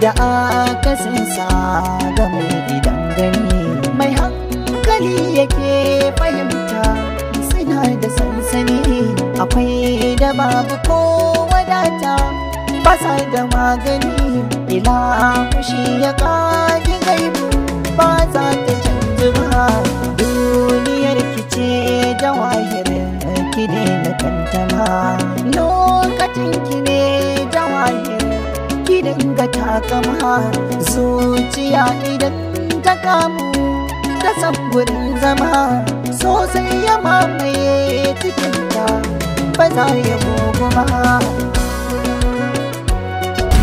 da akasinsa ga mai gidan gani mai hankali yake fahimta suna da sansani akwai da babu ko wadata ba sa da magani ila fushi ya kaji gaibu ba za ta canji ba duniyar kice jawahirin ki ne na kantama lokacin kine. dinga takama zuciya idan ta kamu ta san gurin zama sosai ya mamaye cikinta ba za ya bugu ba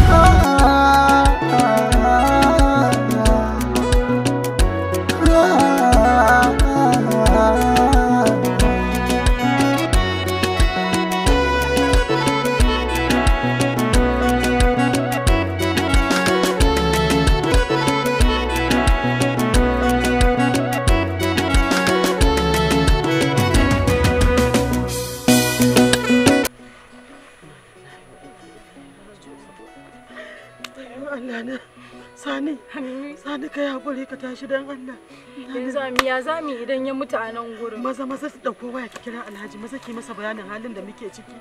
ah, shi dan Allah. Yanzu zami ya zami idan ya mutu a nan gurin. Maza maza su dauko waya ki kira Alhaji maza ki masa bayanin halin da muke ciki.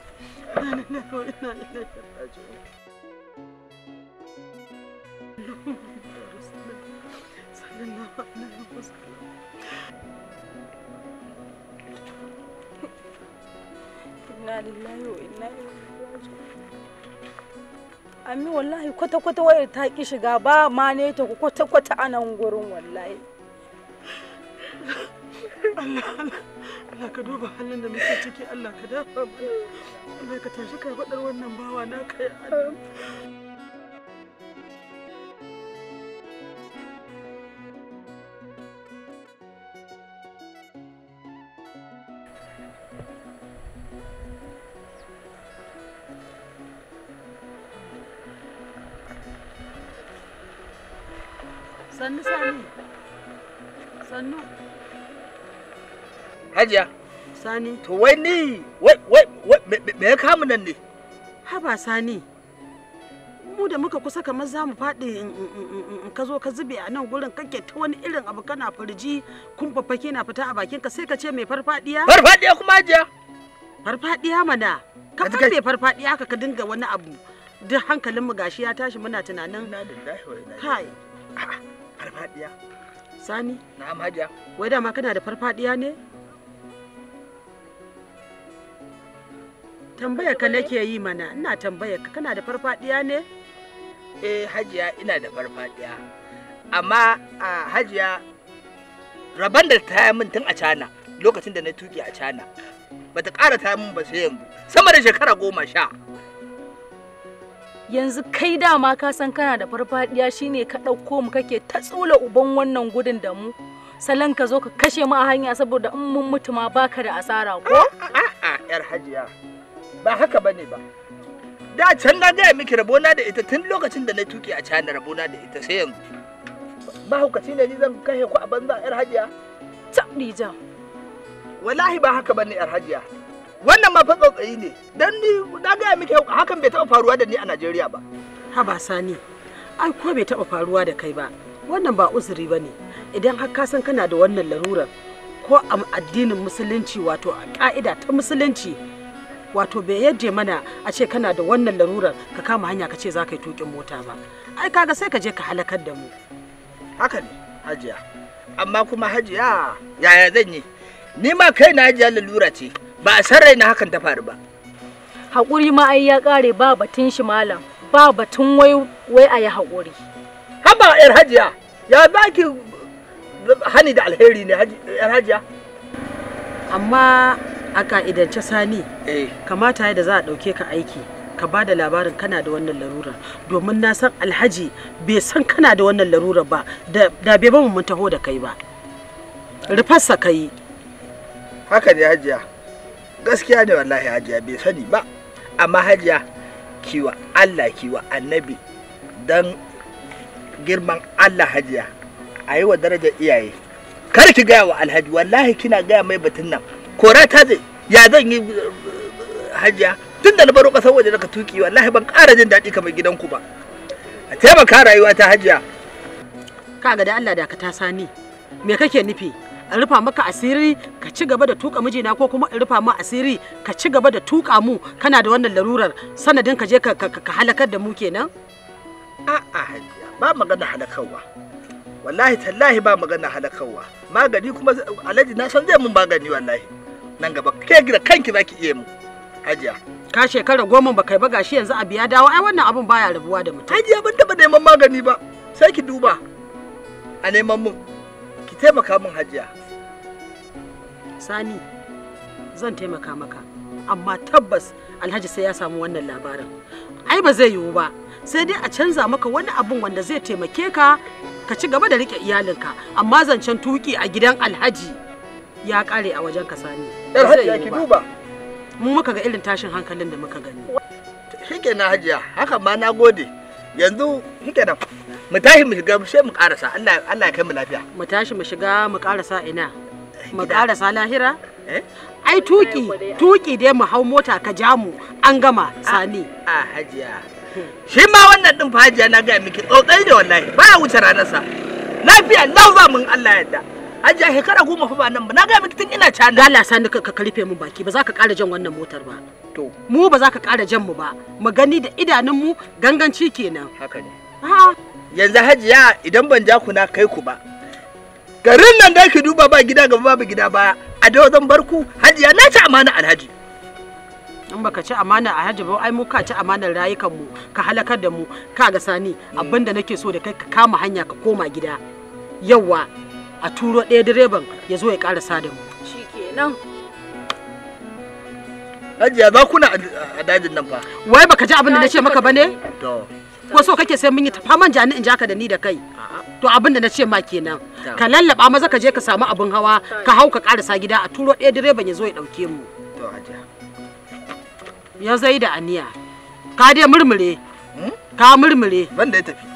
Inna lillahi wa inna ilaihi Ami wallahi kwata-kwata wayar ta ki shiga ba ma ne ta ku kwata-kwata a nan gurin wallahi. Allah Allah ka duba halin da muke ciki Allah ka dafa mana. Allah ka tashi ka faɗar wannan bawa na kai Allah. sannu sani sannu hajiya sani to wai ni wai wai me ya kamu nan ne haba sani mu da muka kusa kamar za mu faɗi in ka zo ka zube a nan gurin kake ta wani irin abu kana firji kun fafake na fita a bakin ka sai ka ce mai farfadiya farfadiya kuma hajiya farfadiya mana ka fa mai farfadiya ka ka dinga wani abu duk hankalinmu gashi ya tashi muna tunanin kai farfadiya sani na amadiya wai dama kana da farfadiya ne tambayar ka nake yi mana ina tambayar ka kana da farfadiya ne eh hajiya ina da farfadiya amma a hajiya rabar da ta min tun a cana lokacin da na tuki a cana bata ƙara ta min ba sai yanzu sama da shekara goma sha yanzu kai dama ka san kana da farfadiya shine ka ɗauko mu kake ta tsula uban wannan gudun da mu salon ka zo ka kashe mu a hanya saboda in mun mutu ma baka da asara ko a'a yar hajiya ba haka bane ba da can na gaya miki rabona da ita tun lokacin da na tuki a can rabona da ita sai yanzu mahaukaci ne ni zan kashe ku a banza yar hajiya jam wallahi ba haka bane yar hajiya wannan ma fa tsotsayi ne dan ni na gaya miki hakan bai taɓa faruwa da ni a Najeriya ba ha ba sani ai ko bai taɓa faruwa da kai ba wannan ba uzuri ba ne idan har ka san kana da wannan larurar ko a addinin musulunci wato a ka'ida ta musulunci wato bai yadda mana a ce kana da wannan larurar ka kama hanya ka ce za ka yi tukin mota ba ai kaga sai ka je ka halakar da mu haka ne hajiya amma kuma hajiya yaya zan yi ni ma kai na hajiya lalura ce ba a san raina hakan ta faru ba hakuri ma ai ya ƙare ba batun shi malam ba batun wai wai a yi haƙuri haba yar hajiya ya baki ki hani da alheri ne yar hajiya amma a ka'idance sani eh. kamata yadda za a ɗauke ka aiki ka ba da labarin kana da wannan larura domin na san alhaji bai san kana da wannan larura ba da bai ba mun taho da kai ba rufarsa ka yi haka ne hajiya gaskiya ne wallahi hajiya bai sani ba amma hajiya kiwa allah kiwa annabi don girman allah hajiya a yi wa darajar iyaye kar ki gaya wa alhaji wallahi kina gaya mai batun nan kora ta zai ya zan yi hajiya tun da na baro kasar waje daga tuki wallahi ban ƙara jin daɗi kamar gidanku ba a taimaka rayuwa ta hajiya ga da allah da ka ta sani me kake nufi in rufa maka asiri ka ci gaba da tuka mijina ko kuma in rufa ma asiri ka ci gaba da tuka mu kana da wannan larurar sanadin ka je ka halakar da mu kenan a'a ba magana halakarwa wallahi tallahi ba magana halakarwa magani kuma alhaji na san zai mun magani wallahi nan gaba ke gida kanki zaki iya mu hajiya ka shekara goma ba kai ba gashi yanzu abu ya dawo ai wannan abun baya rabuwa da mutum hajiya ban taba neman magani ba sai ki duba a neman mun ki taimaka min hajiya sani zan taimaka maka amma tabbas alhaji sai ya samu wannan labarin ai ba zai yiwu ba sai dai a canza maka wani abun wanda zai taimake ka ka ci gaba da rike iyalinka amma zancen tuki a gidan alhaji ya kare a wajen ka sani mu muka ga irin tashin hankalin da muka gani shike na hajiya haka ma na gode yanzu shike da mu tashi mu shiga sai mu karasa Allah Allah ya kai mu lafiya mu tashi mu shiga mu karasa ina mu karasa lahira eh? ai tuki tuki dai mu hau mota ka ja mu an gama sani a hajiya shi ma wannan din hajiya na gaya miki tsotsai da wallahi baya wuce ranarsa lafiya lau za mun Allah yadda hajiya shekara goma fa ba nan ba na ga miki tun ina cana dala sani ka karfe mu baki ba za ka ƙara jan wannan motar ba to mu ba za ka ƙara jan mu ba mu gani da idanun mu ganganci kenan haka ne yanzu hajiya idan ban ja ku na kai ku ba garin nan da ki duba ba gida gaba babu gida baya a da zan bar ku hajiya na ci amana alhaji in baka ci amana a alhaji ba ai mu ka ci amanar rayukan mu ka halakar da mu ka ga sani hmm. abinda nake so da kai ka kama hanya ka koma gida yawa a turo ɗaya direban ya zo ya karasa da mu shikenan hajiya za kuna a dajin nan fa wai baka ji abinda nace maka bane to ko so kake sai mun yi tafaman jani in ja ka da ni da kai to abin da na ce ma kenan ka lallaba maza ka je ka samu abin hawa ka hau ka karasa gida a turo ɗaya direban ya zo ya ɗauke mu ya zai da aniya ka dai murmure hmm? ka murmure banda ya tafi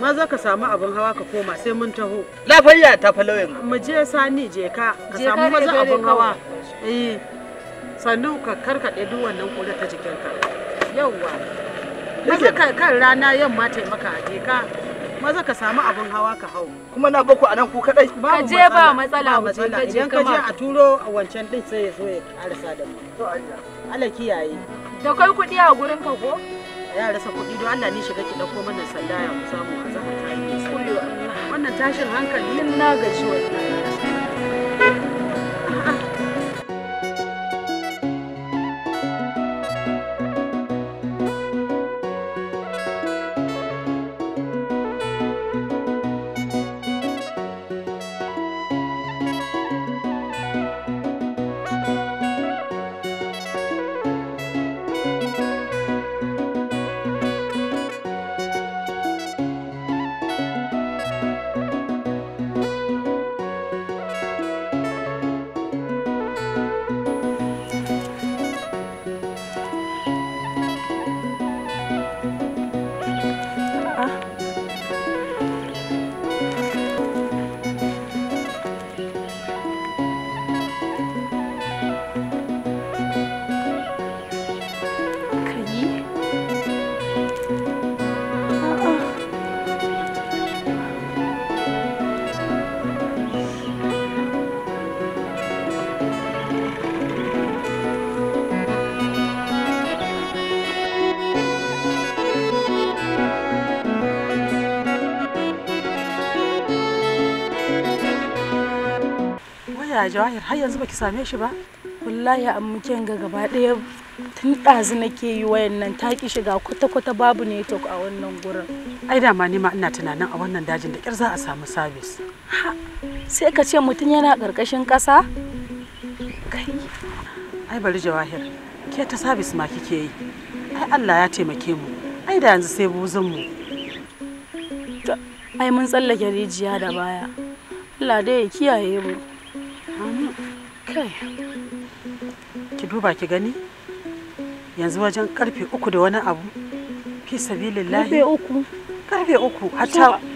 maza ka samu abin hawa ka koma sai mun taho lafayya ta falawen mu je sani je ka ka samu maza abin hawa eh sannu ka karkade duk wannan kura ta jikinka yawwa maza ka kan rana yamma taimaka je ka maza ka samu abun hawa ka hau kuma na bako a nan ku kadai ka je ba matsala ba matsala idan ka je a turo a wancan din sai ya zo ya karasa da mu to Allah kiyaye da kai kudi a gurin ka ko ya rasa kudi don Allah ni shiga ki dauko mana sandaya mu samu a zaka ta wannan tashin hankali na gaji wannan jawahir har yanzu baki same shi ba wallahi an muke ga gaba daya tun ɗazu nake yi wayan nan ta ki shiga kwata-kwata babu to a wannan gurin ai da ma nima ina tunanin a wannan dajin da ƙyar za a samu sabis ha sai ka ce mutum yana karkashin kasa kai ai bari jawahir ke ta sabis ma kike yi ai Allah ya taimake mu ai da yanzu sai buzun mu ai mun tsallake rijiya da baya Allah dai ya kiyaye mu Kai, ki duba ki gani yanzu wajen karfe uku da wani abu fi sabilillahi. Karfe Karfe uku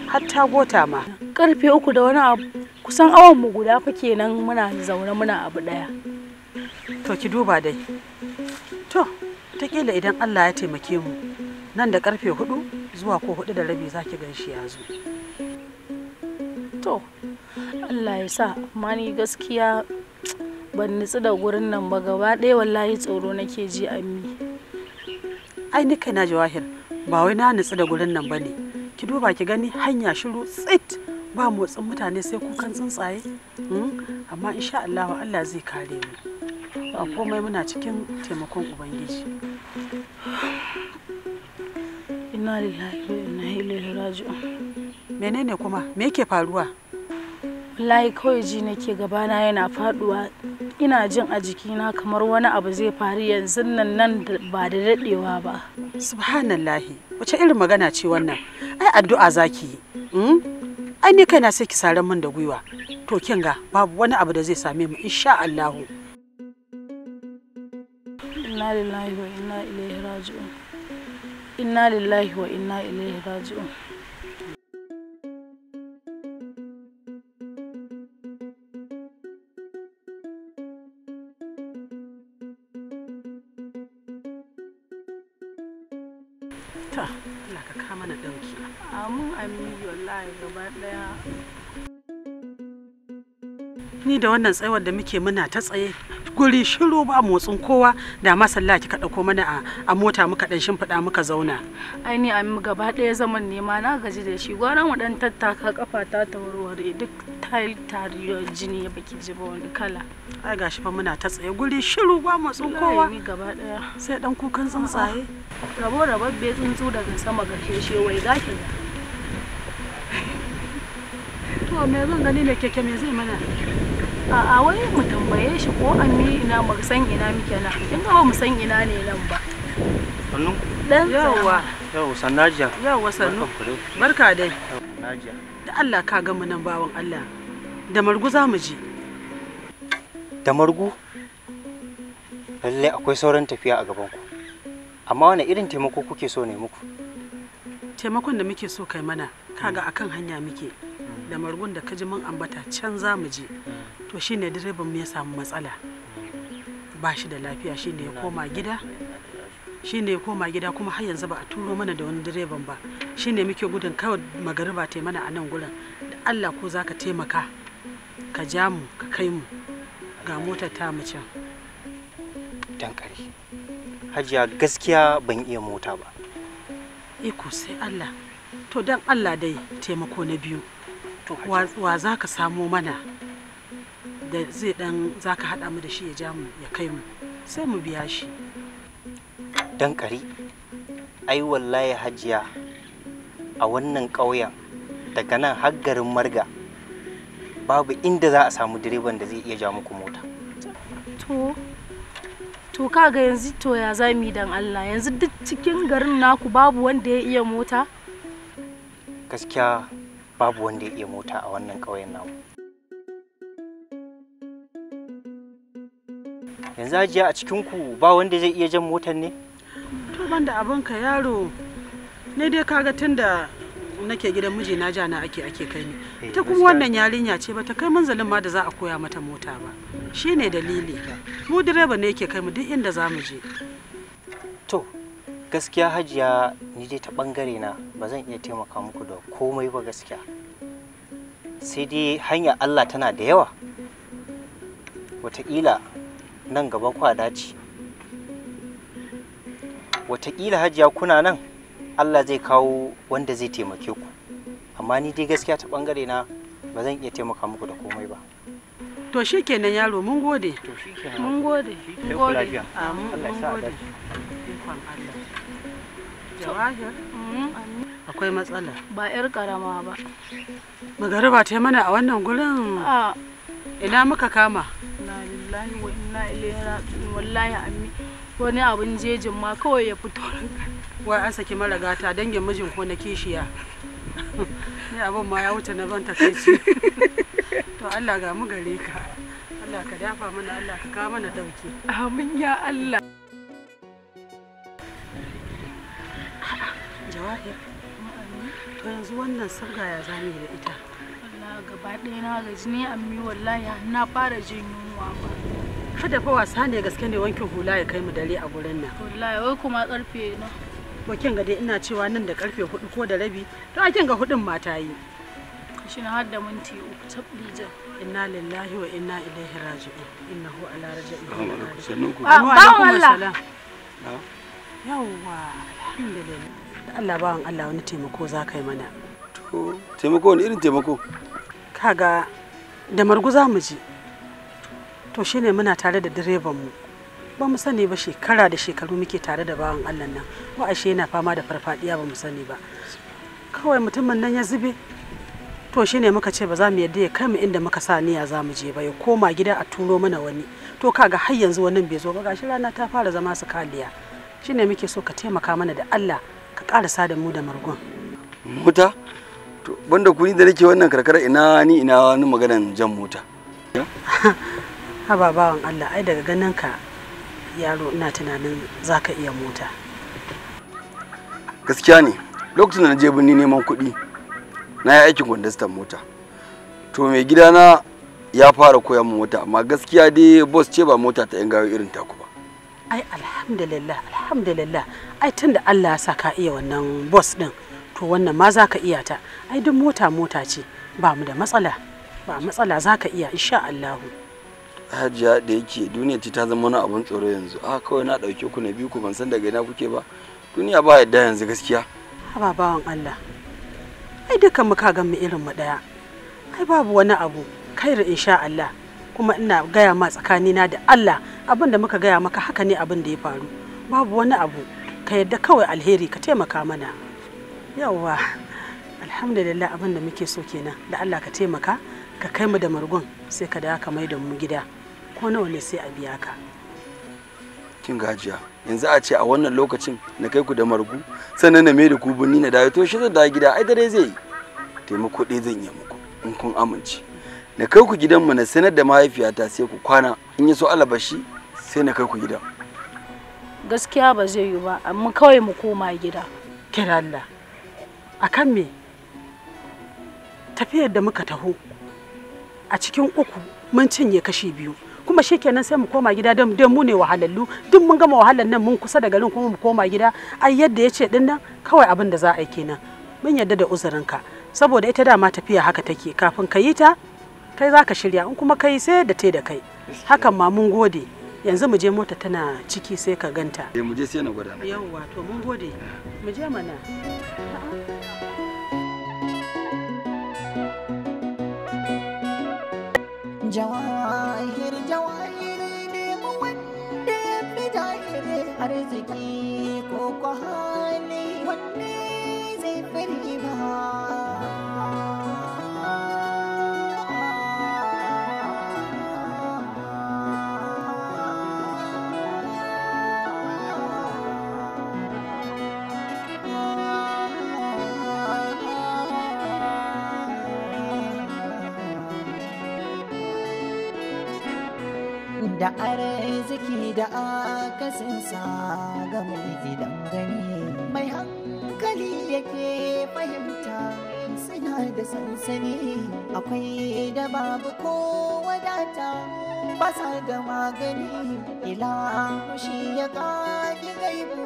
hatta gota ma. Karfe uku da wani abu kusan awon mu guda fa kenan muna zaune muna abu daya. To ki duba dai. To, ta kila idan Allah ya taimake mu nan da karfe hudu zuwa ko hudu da rabi zaki ki ganshi ya zo. To, Allah ya sa, amma ni gaskiya ban nutsu da gurin nan ba gaba ɗaya wallahi tsoro nake ji ammi ai ni kaina jawahir ba wai na nutsu da gurin nan ba ne ki duba ki gani hanya shiru tsit ba motsin mutane sai kukan tsuntsaye hmm? amma insha Allah Allah zai kare mu ba komai muna cikin taimakon ubangiji inna lillahi wa inna ilaihi menene kuma me yake faruwa wallahi kawai ji nake gabana yana faduwa ina jin a jikina kamar wani abu zai faru yanzu nan nan ba da dadewa ba subhanallahi wace irin magana ce wannan ai addu'a zaki yi hmm? ai ni kaina sai ki saran min da gwiwa to kin ga babu wani abu da zai same mu insha Allah inna lillahi wa inna ilaihi raji'un inna lillahi wa inna ilaihi raji'un ta Allah ka kama na ɗauki amin amin wallahi gaba ɗaya ni da wannan tsayawar da muke muna ta tsaye guri shiru ba motsin kowa da masallaci ka ɗauko mana a mota muka ɗan shimfiɗa muka zauna. Ai ni amin gaba ɗaya zaman nema na gaji da shi gwara mu ɗan tattaka kafa ta ta duk tayil tariyo jini ya baki jiba wani kala. ai gashi fa muna ta tsaye guri shiru ba mu kowa sai dan kukan tsuntsaye rabo rababbe tsuntsu daga sama ga sheshe wai zaki to me zan gani da keke me zai mana a a wai mu tambaye shi ko an mi ina mu san ina muke na kin ga ba mu san ina ne nan ba sannu dan yawa yawa sannajiya yawa sannu barka dai najiya da Allah ka ga mu nan bawon Allah da marguza mu je da margu lallai akwai sauran tafiya a gabanku amma wani irin taimako kuke so ne muku taimakon da muke so kai mana kaga akan hanya muke da margun da kaji mun ambata can za mu je to shine direban mu ya samu matsala ba shi da lafiya shine ya koma gida shine ya koma gida kuma har yanzu ba a turo mana da wani direban ba shine muke gudun kawai magariba ta mana a nan gurin da Allah ko zaka taimaka ka ja mu ka kai mu ga motar ta mace. Dankari. Hajiya gaskiya ban iya mota ba. Iko sai Allah. To dan Allah dai taimako na biyu. Wa za ka samo mana da zai dan za ka haɗa mu da shi ya ja mu ya kai mu sai mu biya shi. Dankari. Ai wallahi hajiya a wannan ƙauyen daga nan har garin marga babu inda za a samu direban da zai iya ja muku mota to to kaga yanzu to ya zami dan Allah yanzu duk cikin garin naku babu wanda ya iya mota gaskiya babu wanda ya iya mota a wannan ƙauyen namu yanzu ajiya a cikinku ba wanda zai iya jan motar ne to ban da abinka yaro ne dai kaga tunda nake gidan miji na ja na ake ake kai ni eh, ta kuma wannan yarinya ce bata kai manzalin ma da za a koya mata mota ba shine dalili mu direba ne yake kai mu duk inda za mu je to gaskiya hajiya ni dai ta bangare na ba zan iya taimaka muku da komai ba gaskiya sai dai hanya Allah tana da yawa wataƙila nan gaba kwa dace wataƙila hajiya kuna nan Allah zai kawo wanda zai taimake ku amma ni dai gaskiya ta bangare na ba zan iya taimaka muku da komai ba to shikenan yaro mun gode mun gode mun gode Allah ya mm-hmm. akwai matsala ba yar karama ba magariba ta mana a wannan gurin ina muka kama wallahi wani abin jejin ma kawai ya fito ranka wai an saki mara gata dangin mijin ko na kishiya ni abin ma ya wuce na ban takaici to Allah ga mu gare ka Allah ka dafa mana Allah ka kawo mana dauke amin ya Allah jawabi to yanzu wannan sabga ya zame da ita Allah gaba ɗaya na gaji ne ammi wallahi na fara jin yunwa ba kada fa wasa ne gaske ne wankin hula ya kai mu dare a gurin nan wallahi wai kuma karfe na ba kin ga dai ina cewa nan da karfe hudu ko da rabi to a kin ga hudun mata yi shi na har minti uku tablija inna lillahi wa inna ilaihi raji'un innahu ala raji'in ah, ba wallah yawwa alhamdulillah da Allah bawan Allah wani taimako za ka yi mana to taimako wani irin taimako kaga da marguza za mu je to shine muna tare da direban mu ba mu sani ba shekara da shekaru muke tare da bawan Allah nan ko ashe yana fama da farfadiya ba mu sani ba kawai mutumin nan ya zube to shine muka ce ba za mu yadda ya kai mu inda muka sa niyya za mu je ba ya koma gida a turo mana wani to kaga har yanzu wannan bai zo ba gashi rana ta fara zama su kaliya shine muke so ka taimaka mana da Allah ka karasa da mu da margon mota to banda kuni da nake wannan karkara ina ni ina wani maganan jan mota ha bawan Allah ai daga ganin ka yaro ina tunanin za ka iya mota gaskiya ne lokacin da na je birni neman kuɗi na yi aikin gwandastan mota to mai gida na ya fara koya mota amma gaskiya dai boss ce ba mota ta yan gayo irin taku ba ai alhamdulillah alhamdulillah ai tunda Allah ya sa ka iya wannan boss din to wannan ma za ka iya ta ai duk mota mota ce ba mu da matsala ba matsala za ka iya insha Allahu hajiya da yake duniya ce ta zama wani abun tsoro yanzu a kawai na ɗauke ku na biyu ku ban san daga ina kuke ba duniya ba yadda yanzu gaskiya haba bawan Allah ai duka mu ga mu irin mu daya ai babu wani abu kairu insha Allah kuma ina gaya ma tsakanina da Allah abin da muka gaya maka haka ne abin da ya faru babu wani abu ka yadda kawai alheri ka taimaka mana yawwa alhamdulillah abin da muke so kenan da allah ka taimaka ka kai mu da margon sai ka da ka mai da mu gida ko nawa ne sai a biya ka kin gajiya yanzu a ce a wannan lokacin na kai ku da margu sannan na mai da ku bunni na dawo to shi zai dawo gida ai dare zai taimako ɗaya zan yi muku in kun amince na kai ku gidan mu na sanar da mahaifiyata sai ku kwana in ya so alabashi sai na kai ku gidan gaskiya ba zai yi ba amma kawai mu koma gida kira Allah akan me tafiyar da muka taho a cikin uku mun cinye kashi biyu kuma shikenan sai mu koma gida don mu ne wahalallu duk mun gama wahalar nan mun kusa da garin kuma mu koma gida ai yadda ya ce dinnan kawai abin da za a yi kenan mun yarda da uzurinka saboda ita dama tafiya haka take kafin ka yi ta kai za ka shirya in kuma kai sai da te da kai hakan ma mun gode yanzu mu je mota tana ciki sai ka ganta eh mu je sai na gwada yawwa to mun gode mu je mana jawahir jawahiri ne wanda de fi jahir arziki ko ko wanne zai fi riba da arziki da akasinsa ga mai idan gani mai hankali yake fahimta suna da sansani akwai da babu ko wadata basa da magani ila shi ya kaki gaibu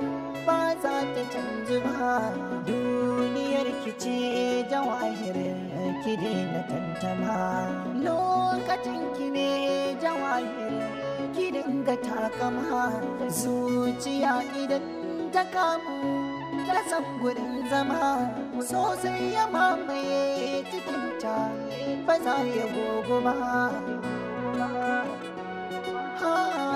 ba za ta canji ba duniyar kice jawahirin ki daina tantama lokacin ki ne jawahir ki dinga takama zuciya idan ta kamu ta san gurin zama sosai ya mamaye cikinta ba za ya gogo ha